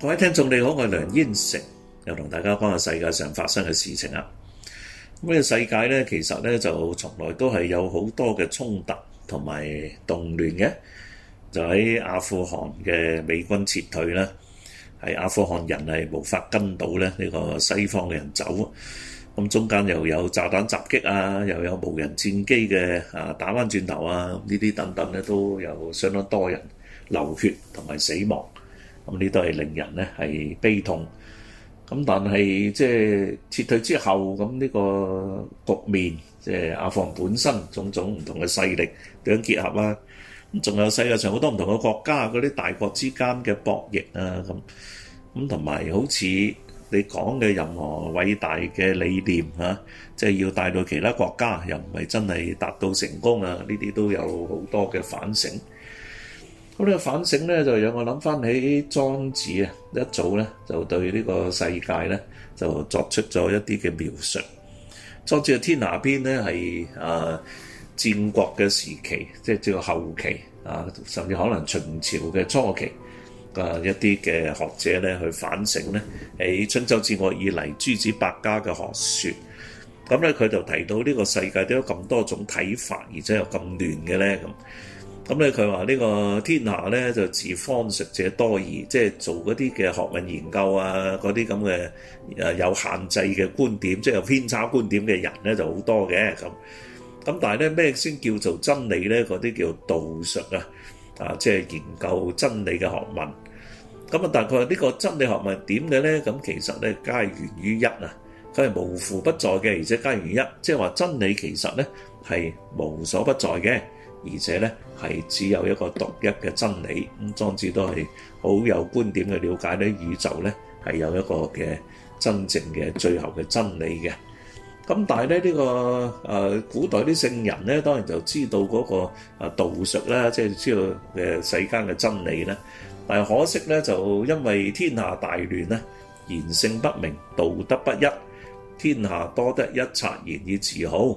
各位聽眾，你好，我係梁煙成，又同大家講下世界上發生嘅事情啊。咁呢個世界咧，其實咧就從來都係有好多嘅衝突同埋動亂嘅。就喺阿富汗嘅美軍撤退啦，係阿富汗人係無法跟到咧呢個西方嘅人走。咁中間又有炸彈襲擊啊，又有無人戰機嘅啊打翻轉頭啊，呢啲等等咧都有相當多人流血同埋死亡。咁呢都係令人咧係悲痛，咁但係即係撤退之後，咁、這、呢個局面，即係阿富汗本身種種唔同嘅勢力點樣結合啊？咁仲有世界上好多唔同嘅國家嗰啲大國之間嘅博弈啊，咁咁同埋好似你講嘅任何偉大嘅理念啊，即係要帶到其他國家，又唔係真係達到成功啊，呢啲都有好多嘅反省。咁呢個反省咧，就讓我諗翻起莊子啊，一早咧就對呢個世界咧就作出咗一啲嘅描述。莊子嘅《天下篇》咧係啊，戰國嘅時期，即係最後期啊，甚至可能秦朝嘅初期啊，一啲嘅學者咧去反省咧喺春秋之後以嚟，諸子百家嘅學説。咁咧佢就提到呢個世界都有咁多種睇法，而且有咁亂嘅咧咁。咁咧佢話呢個天下咧就自方術者多矣，即係做嗰啲嘅學問研究啊，嗰啲咁嘅誒有限制嘅觀點，即係有偏差觀點嘅人咧就好多嘅咁。咁但係咧咩先叫做真理咧？嗰啲叫道術啊，啊即係研究真理嘅學問。咁啊大概呢個真理學問點嘅咧？咁其實咧皆源於一啊，佢係無乎不在嘅，而且皆源於一，即係話真理其實咧係無所不在嘅。而且咧係只有一個獨一嘅真理，咁莊子都係好有觀點去了解咧，宇宙咧係有一個嘅真正嘅最後嘅真理嘅。咁但係咧呢、呢個誒、啊、古代啲聖人咧，當然就知道嗰個道術啦，即係知道嘅世間嘅真理啦。但係可惜咧，就因為天下大亂咧，言性不明，道德不一，天下多得一察言以自好。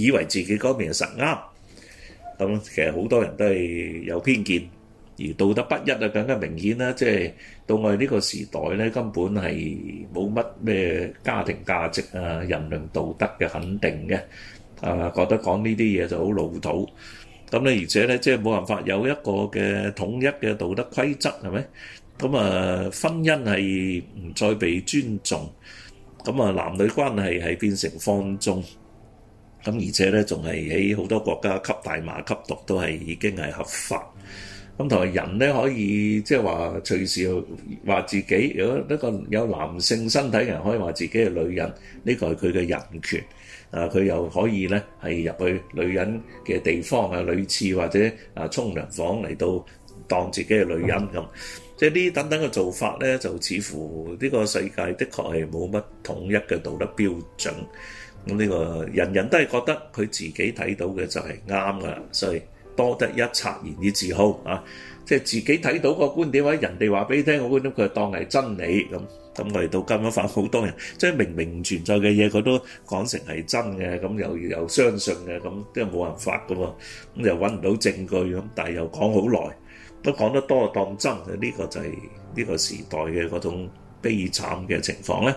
以為自己嗰邊係實啱，咁其實好多人都係有偏見，而道德不一啊，更加明顯啦。即係到我哋呢個時代咧，根本係冇乜咩家庭價值啊、人倫道德嘅肯定嘅，啊覺得講呢啲嘢就好老土。咁咧，而且咧，即係冇辦法有一個嘅統一嘅道德規則，係咪？咁啊，婚姻係唔再被尊重，咁啊，男女關係係變成放縱。咁而且咧，仲係喺好多國家吸大麻、吸毒都係已經係合法。咁同埋人咧，可以即係話隨時話自己，如果呢個有男性身體嘅人可以話自己係女人，呢個係佢嘅人權。啊，佢又可以咧係入去女人嘅地方啊，女廁或者啊沖涼房嚟到當自己係女人咁。即係呢等等嘅做法咧，就似乎呢個世界的確係冇乜統一嘅道德標準。咁呢個人人都係覺得佢自己睇到嘅就係啱㗎，所以多得一策言以自豪啊！即係自己睇到個觀點或，人哋話俾你聽個觀點，佢當係真理咁。咁我哋到今日發好多人，即係明明唔存在嘅嘢，佢都講成係真嘅，咁又又相信嘅，咁即係冇辦法㗎喎。咁、嗯、又揾唔到證據，咁但係又講好耐，都講得多當真。呢、這個就係、是、呢、這個時代嘅嗰種悲慘嘅情況咧。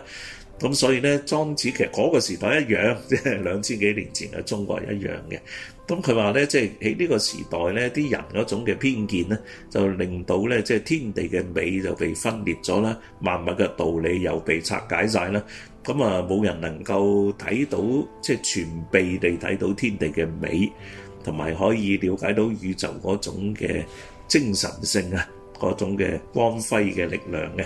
咁所以咧，莊子其實嗰個時代一樣，即係兩千幾年前嘅中國一樣嘅。咁佢話咧，即係喺呢個時代咧，啲人嗰種嘅偏見咧，就令到咧，即係天地嘅美就被分裂咗啦，萬物嘅道理又被拆解晒啦。咁啊，冇人能夠睇到，即係全備地睇到天地嘅美，同埋可以了解到宇宙嗰種嘅精神性啊，嗰種嘅光輝嘅力量嘅。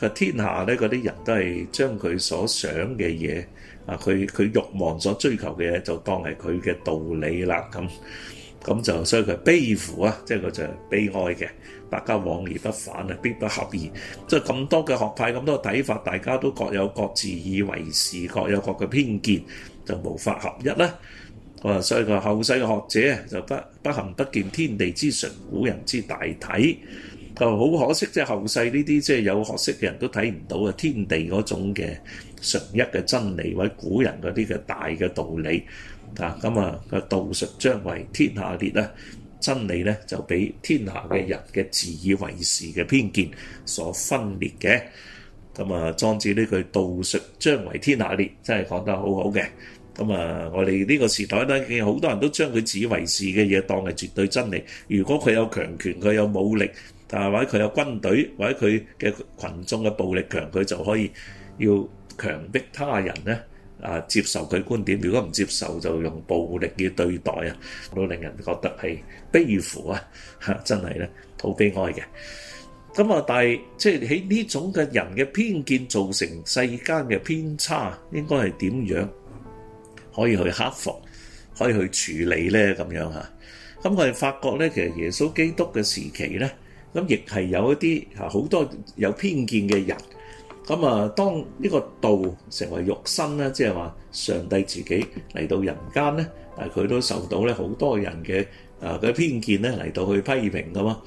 個天下咧，嗰啲人都係將佢所想嘅嘢啊，佢佢慾望所追求嘅嘢就當係佢嘅道理啦。咁咁就所以佢悲乎啊，即係佢就，是，就悲哀嘅。大家往而不反，啊，必不合意。即係咁多嘅學派，咁多睇法，大家都各有各自以為是，各有各嘅偏見，就無法合一啦。所以佢後世嘅學者就不不行不見天地之純，古人之大體。就好可惜，即係後世呢啲即係有學識嘅人都睇唔到啊！天地嗰種嘅純一嘅真理，或者古人嗰啲嘅大嘅道理，啊咁啊個道術將為天下裂啦！真理咧就俾天下嘅人嘅自以為是嘅偏見所分裂嘅。咁啊莊子呢句道術將為天下裂，真係講得好好嘅。咁啊我哋呢個時代咧，見好多人都將佢自以為是嘅嘢當係絕對真理。如果佢有強權，佢有武力，但係或者佢有軍隊，或者佢嘅群眾嘅暴力強，佢就可以要強迫他人咧啊接受佢觀點，如果唔接受就用暴力嘅對待啊，都令人覺得係悲乎啊！嚇，真係咧好悲哀嘅。咁啊，但係即係喺呢種嘅人嘅偏見造成世間嘅偏差，應該係點樣可以去克服，可以去處理咧？咁樣嚇。咁我哋發覺咧，其實耶穌基督嘅時期咧。咁亦係有一啲嚇好多有偏見嘅人，咁啊，當呢個道成為肉身咧、啊，即係話上帝自己嚟到人間咧，誒、啊，佢都受到咧好多人嘅誒嘅偏見咧嚟到去批評㗎嘛，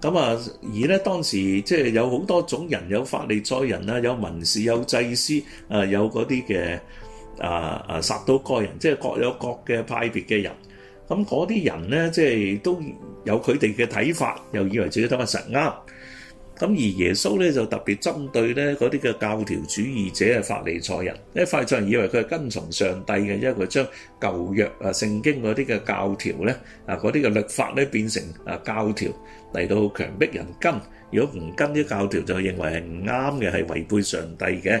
咁啊，而咧當時即係有好多種人，有法利賽人啦，有文士、有祭司，誒、啊，有嗰啲嘅誒誒撒都該人，即係各有各嘅派別嘅人。咁嗰啲人咧，即係都有佢哋嘅睇法，又以為自己睇法實啱。咁而耶穌咧就特別針對咧嗰啲嘅教條主義者係法利賽人，因為法利賽人以為佢係跟從上帝嘅，因為佢將舊約啊聖經嗰啲嘅教條咧啊嗰啲嘅律法咧變成啊教條嚟到強迫人跟，如果唔跟啲教條就認為係唔啱嘅，係違背上帝嘅。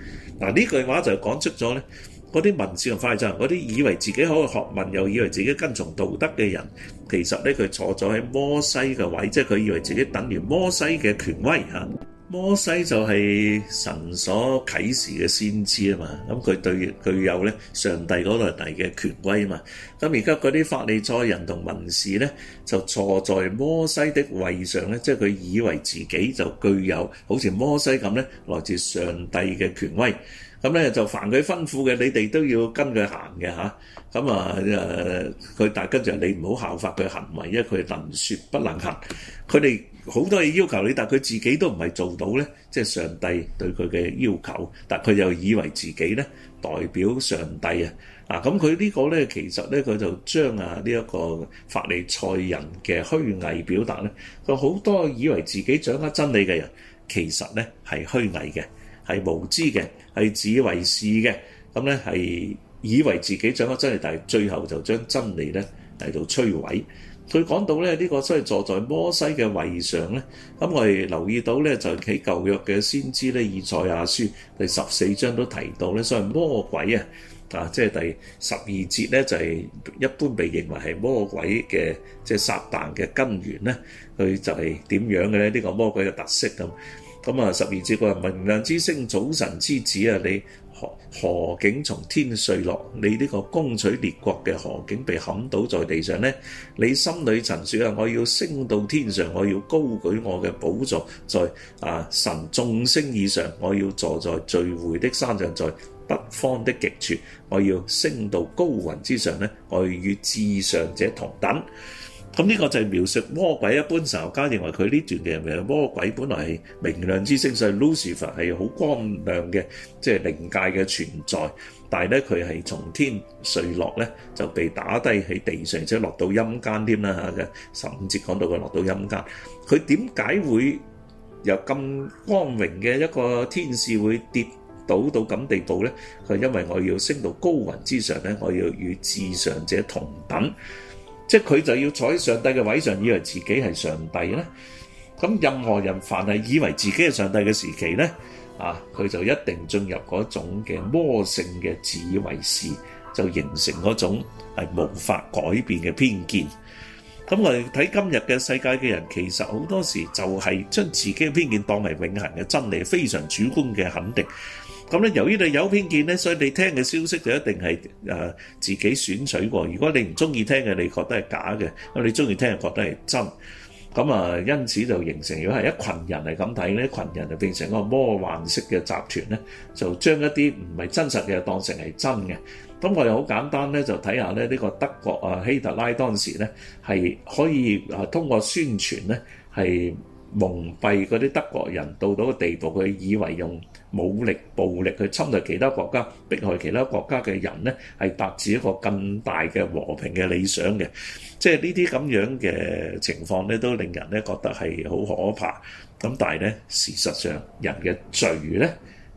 嗱呢句話就講出咗咧，嗰啲文士同法利賽人，嗰啲以為自己可以學問，又以為自己跟從道德嘅人，其實咧佢坐咗喺摩西嘅位，即係佢以為自己等於摩西嘅權威嚇。摩西就係神所啟示嘅先知啊嘛，咁佢對具有咧上帝嗰度嚟嘅權威啊嘛，咁而家嗰啲法利賽人同文士咧就坐在摩西的位上咧，即係佢以為自己就具有好似摩西咁咧來自上帝嘅權威，咁咧就凡佢吩咐嘅你哋都要跟佢行嘅吓，咁啊誒佢大跟住你唔好效法佢行為，因為佢能説不能行，佢哋。好多嘢要求你，但佢自己都唔係做到咧，即係上帝對佢嘅要求，但佢又以為自己咧代表上帝啊！啊，咁佢呢個咧，其實咧佢就將啊呢一個法利賽人嘅虛偽表達咧，佢好多以為自己掌握真理嘅人，其實咧係虛偽嘅，係無知嘅，係自以為是嘅，咁咧係以為自己掌握真理，但係最後就將真理咧嚟到摧毀。佢講到咧，呢個即係坐在摩西嘅位上咧。咁我哋留意到咧，就喺舊約嘅先知咧，以賽亞書第十四章都提到咧，所謂魔鬼啊啊，即係第十二節咧，就係一般被認為係魔鬼嘅即係撒旦嘅根源咧。佢就係點樣嘅咧？呢個魔鬼嘅特色咁咁啊！十二節話明亮之星，早晨之子啊，你。何竟從天墜落，你呢個攻取列國嘅何竟被砍倒在地上呢？你心裏曾說啊，我要升到天上，我要高舉我嘅寶座，在啊神眾星以上，我要坐在聚會的山上，在北方的極處，我要升到高雲之上呢，我要與至上者同等。咁呢個就係描述魔鬼，一般神學家認為佢呢段嘅，魔鬼本來係明亮之星，所以 Lucifer 係好光亮嘅，即係靈界嘅存在。但係咧，佢係從天墜落咧，就被打低喺地上，即係落到陰間添啦嘅。十五節講到佢落到陰間，佢點解會由咁光榮嘅一個天使會跌倒到咁地步咧？佢因為我要升到高雲之上咧，我要與至上者同等。即係佢就要坐喺上帝嘅位上，以為自己係上帝咧。咁任何人凡係以為自己係上帝嘅時期咧，啊，佢就一定進入嗰種嘅魔性嘅自以為是，就形成嗰種係無法改變嘅偏見。咁我哋睇今日嘅世界嘅人，其實好多時就係將自己嘅偏見當為永恆嘅真理，非常主觀嘅肯定。咁咧，由於你有偏見咧，所以你聽嘅消息就一定係誒自己選取過。如果你唔中意聽嘅，你覺得係假嘅；咁你中意聽，覺得係真。咁啊，因此就形成，如果係一羣人係咁睇咧，一羣人就變成個魔幻式嘅集團咧，就將一啲唔係真實嘅當成係真嘅。咁我又好簡單咧，就睇下咧呢個德國啊希特拉當時咧係可以誒通過宣傳咧係。蒙蔽嗰啲德國人到到個地步，佢以為用武力、暴力去侵略其他國家，迫害其他國家嘅人咧，係達至一個更大嘅和平嘅理想嘅。即係呢啲咁樣嘅情況咧，都令人咧覺得係好可怕。咁但係咧，事實上人嘅罪咧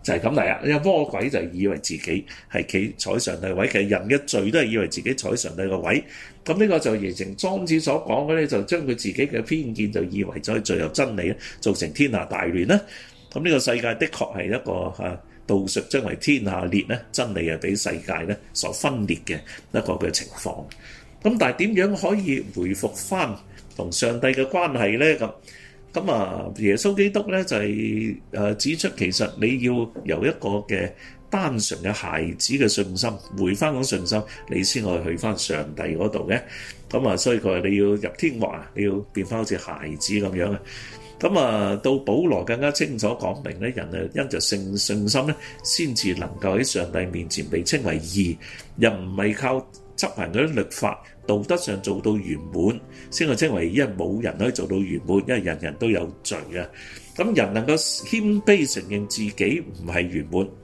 就係咁嚟啊！因魔鬼就以為自己係企坐喺上帝位，其實人嘅罪都係以為自己坐上帝個位。咁呢個就形成莊子所講嗰啲，就將佢自己嘅偏見就以為咗係最有真理咧，造成天下大亂咧。咁呢個世界的確係一個啊道術將為天下裂咧，真理係俾世界咧所分裂嘅一個嘅情況。咁但係點樣可以回復翻同上帝嘅關係咧？咁咁啊，耶穌基督咧就係誒指出，其實你要由一個嘅單純嘅孩子嘅信心，回翻嗰信心，你先可以去翻上帝嗰度嘅。咁啊，所以佢話你要入天國啊，你要變翻好似孩子咁樣啊。咁啊，到保羅更加清楚講明咧，人啊因着信，信心咧，先至能夠喺上帝面前被稱為義。又唔係靠執行嗰啲律法，道德上做到完滿先可以稱為義。因為冇人可以做到完滿，因為人人都有罪啊。咁人能夠謙卑承認自己唔係完滿。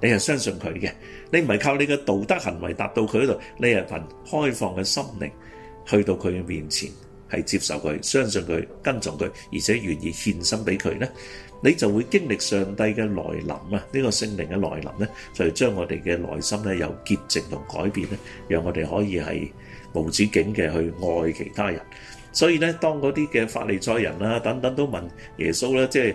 你係相信佢嘅，你唔係靠你嘅道德行為達到佢度，你係憑開放嘅心靈去到佢嘅面前，係接受佢、相信佢、跟從佢，而且願意獻身俾佢咧，你就會經歷上帝嘅來臨啊！呢個聖靈嘅來臨咧，就係將我哋嘅內心咧有潔淨同改變咧，讓我哋可以係無止境嘅去愛其他人。所以咧，當嗰啲嘅法利賽人啊等等都問耶穌啦，即係。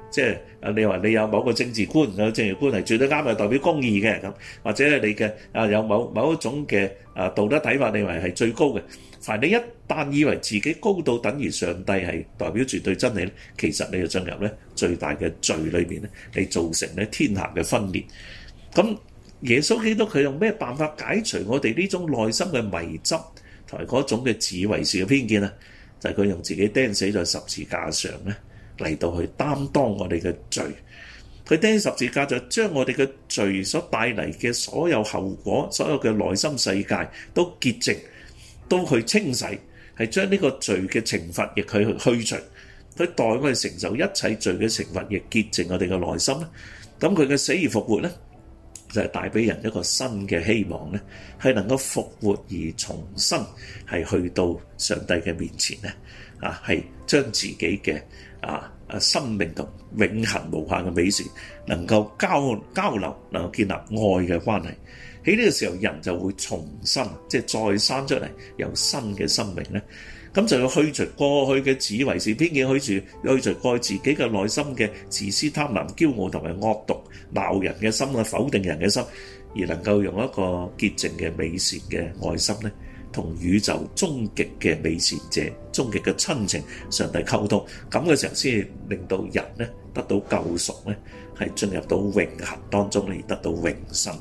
即係啊！你話你有某個政治觀嘅政治觀係最啱，係代表公義嘅咁，或者你嘅啊有某某一種嘅啊道德睇法，你認為係最高嘅。凡你一旦以為自己高度等於上帝係代表絕對真理，其實你就進入咧最大嘅罪裏邊咧，你造成咧天下嘅分裂。咁耶穌基督佢用咩辦法解除我哋呢種內心嘅迷執同埋嗰種嘅自以為是嘅偏見啊？就係佢用自己釘死在十字架上咧。嚟到去擔當我哋嘅罪，佢釘十字架就將我哋嘅罪所帶嚟嘅所有後果，所有嘅內心世界都潔淨，都去清洗，係將呢個罪嘅懲罰亦佢去去除。佢代我哋承受一切罪嘅懲罰，亦潔淨我哋嘅內心。咁佢嘅死而復活咧，就係帶俾人一個新嘅希望咧，係能夠復活而重生，係去到上帝嘅面前咧。啊，係將自己嘅。啊！啊，生命同永恆無限嘅美善，能夠交交流，能夠建立愛嘅關係。喺呢個時候，人就會重新，即係再生出嚟，有新嘅生命咧，咁就要去除過去嘅自以為是，偏見，去除去除過去自己嘅內心嘅自私、貪婪、驕傲同埋惡毒、鬧人嘅心啊，否定人嘅心，而能夠用一個潔淨嘅美善嘅愛心咧。同宇宙終極嘅美善者，終極嘅親情上帝溝通，咁嘅時候先令到人咧得到救贖咧，係進入到永恆當中咧，得到永生。